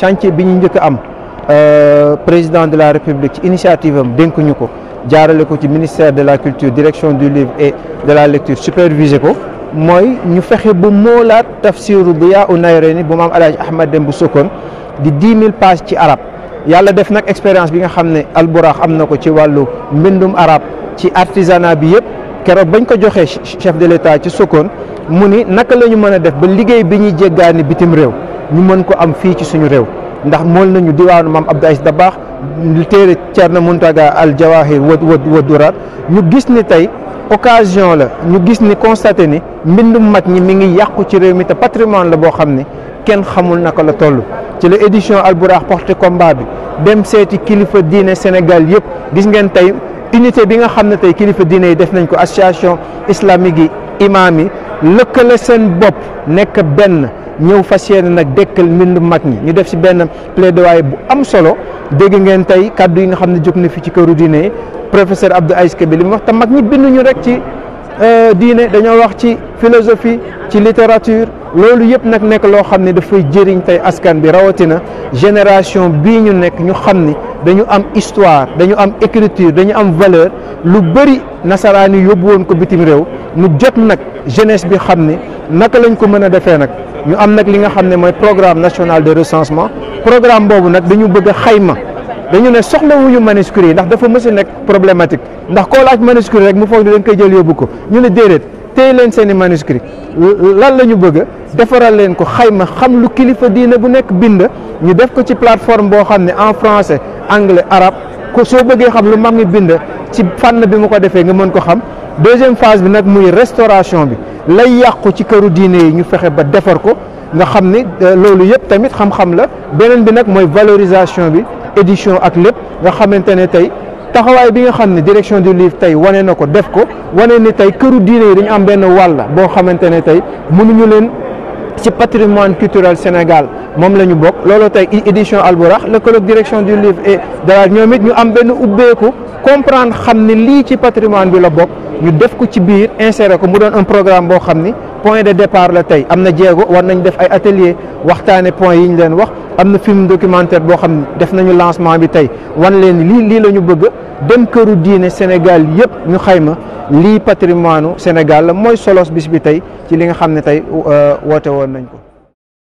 chantier bi ñu njëkk am euh, président de la république initiative am dénk ñu ko jaarale ko ci ministère de la culture direction du livre et de la lecture supervisé ko moy ñu fexé bu molat tafsiru biya yaa u nayreni bu maam alaaji ahmad dem bu sokkoon di 10000 pages ci arab Yalla def nak expérience bi nga xamné ne alburax am ci walu mindum arab ci artisanat bi yépp keroog bañ ko joxé chef de l'état ci sokkoon mu ni naka la ñu def ba liggéey bi ñuy jéggaani bitim réew ñu mën ko am fii ci suñu réew ndax mool nañu diwaanu maam Abdou Aziz Dabakh téere Thierno Mountaga al Jawahir wa wa Durar ñu gis ni tey occasion la ñu gis ni constaté ni mbindum mag ñi mi ngi yàqu ci réew mi te patrimoine la boo xam ne kenn xamul naka la toll ci la édition Alburax porté combat bi dem seeti kilifa diine Sénégal yëpp gis ngeen tey unité bi nga xam ne tey kilifa diine yi def nañ ko association islamique yi imaam yi lëkkale seen bopp nekk benn ñëw fas yéene nag dekkal mbind mag ñi ñu def si benn plaidoyer bu am solo dégg ngeen tey kàddu yi nga xam ne jóg na fi ci këru diine professeur Abdou Aziz Kébé li mu wax te mag ñi binduñu rek ci euh, diine dañoo wax ci philosophie ci littérature loolu yëpp nag nekk loo xam ne dafay jëriñ tey askan bi rawatina génération bi ñu nekk ñu xam ni dañu am histoire dañu am écriture dañu am valeur lu bëri nasaraan yi yóbbu woon ko bitim réew. mu jot nag jeunesse bi xam naka lañ ko mën a defee ñu am nag li nga xam ne programme national de recensement programme boobu nag dañu bëgg a xayma dañu ne soxlawuñu manuscrits yi ndax dafa mës a problématique ndax koo laaj manuscrit rek mu foog ne dañ koy jël yóbbu ko ñu ne déedéet téye leen seen i manuscrit lan la ñu bëgg defaral leen ko xayma xam lu kilifa diine bu nekk bind ñu def ko ci plateforme boo xam en français anglais arabe ko soo bëggee xam lu mag mi bind ci fànn bi mu ko defee nga mën ko xam deuxième phase bi nag muy restauration bi lay yàqu ci këru diine yi ñu fexe ba defar ko nga xam ni euh, loolu yëpp tamit xam-xam la beneen bi nag mooy valorisation bi édition ak lépp nga xamante ne tey taxawaay bi nga xam ne direction du livre tey wane na ko def ko wane ni tey këru diine yi dañu am benn wàll boo xamante ne tey mënuñu leen. ci patrimoine culturel Sénégal mom lañu bok lolo tay édition édition le colloque direction du livre et de la ñomit ñu am benn ubbeeku comprendre xamni li ci patrimoine bi la bok ñu def ko ci biir insérer ko mu doon un programme bo xamni point de départ la tay amna na jéego war nañ def ay atelier waxtane point yi ñu leen wax amna film documentaire bo xamni def nañu lancement bi tay wan leen li li lañu bëgg dem këru diine Sénégal yépp ñu xayma lii patrimoine u Sénégal la mooy solos bis bi tey ci li nga xam ne tey euh, woote woon nañ ko